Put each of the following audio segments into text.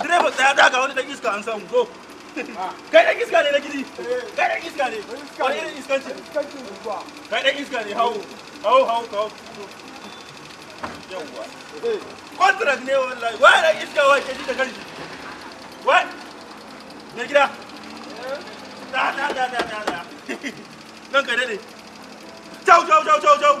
Direba tsaya daga wani dan iska an samu iska iska iska iska ke da gida. Da da da da Nan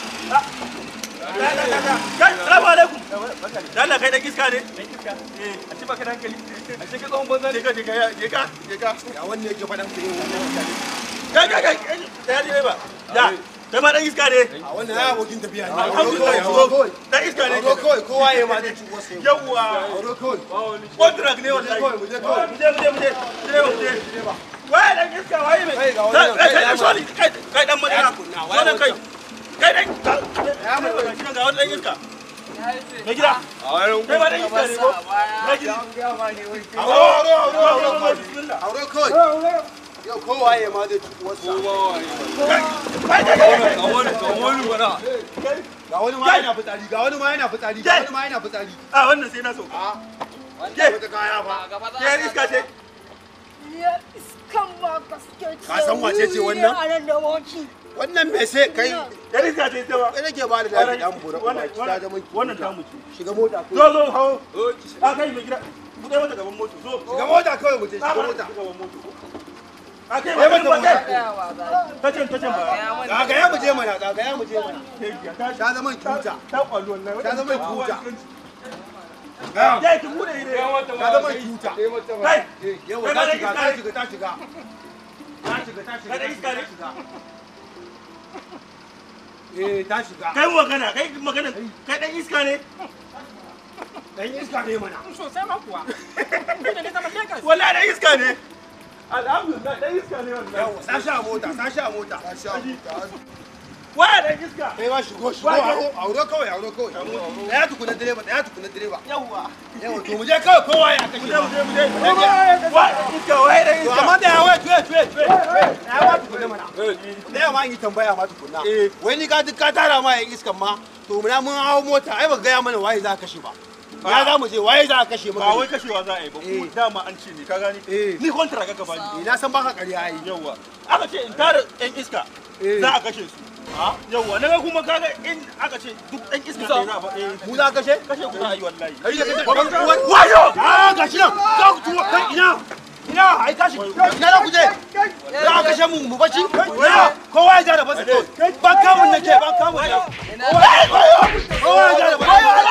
Dala kai dan iska ne? Dan iska. Eh, a ci baka da hankali. A ce ka tsohon banza ne ka ka je ka je ka. Ya wanne yake faɗan ka yin wannan iska Kai kai kai, da ya ba. Ya, kai ma dan iska ne. A wannan ya abokin tafiya ne. Alhamdulillah. Dan iska ne. Ko koi kowa ya ma da ciwo sai. Yawwa. Ko koi. ne wallahi. Mu je koi. Mu je mu je mu je. je mu je. Wai dan iska wai mai. Kai ga wannan. Kai kai Kai dan madara. kai. Kai dan. Ya mutu. Ga wannan iska. Me Ga wani ma yana fitsari ga wani ma yana fitsari ga wani ma yana fitsari. A ah, wannan sai na so. Ah, A. Ke iska ce. Kasan san wace ce wannan wannan me sai kai ba ba da dan bura ta wannan shiga mota ko zo zo hawo a kai mai gida mu mota gaban mota zo shiga mota mu shiga mota gaban mota a kai mai mota ta ta ba ga ga ya mu je mana ga ga ya mu je mana ta kuta ta kwallo wannan ta kuta dai ki bude ire ka zama cuta kai yawa ta ta shiga ta shiga ta shiga ta kai magana kai magana kai iska ne dan iska ne ma kuwa ni ne iska ne alhamdulillah dan iska ne wallahi yawa sashi a mota sashi a mota sashi mota kai ba shigo shigo auro kawai auro kawai daya tukuna direba daya tukuna direba yawa yawa to mu je kawai kowa ya kashe mu je mu je mu je wa iska wai da iska amma da yawa tuwe tuwe tuwe da yawa tukuna mana da eh, yawa yi tambaya ma tukuna eh. wai ni ka duk ka tara ma yan iskan ma to mun mun hawo mota ai ba ga ya mana waye za ka kashe ba ya za mu je waye za a kashe maka ba wai kashewa za a yi ba kuma eh. dama an ce ne ka gani ni kontra ga gaba ni na san ba ka ƙarya ai yawa aka ce in tara yan iska za a kashe su yawwa na kuma kaga in aka faɗe mu za wallahi kashe wayo a ah, nan za ku ina ina ai kashi ina za ku je za kashe mu mu bacci kowa ya ja da basa ban kamun nake ban kamun nake kowa ya ja